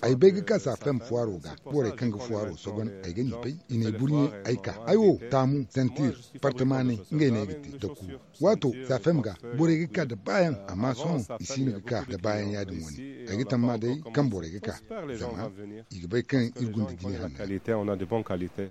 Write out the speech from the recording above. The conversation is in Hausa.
aibegi kasa fem fuwaro ga pore kanga fuwaro sogon aiga nyipai ine burnye aika ayo tamu sentir partamane ngai ne gite doku wato sa fem ga bore gika da bayan amma isi ne gika da bayan yadin wani ta tamma dai kan bore gika zama igibai kan irgun da jini hannu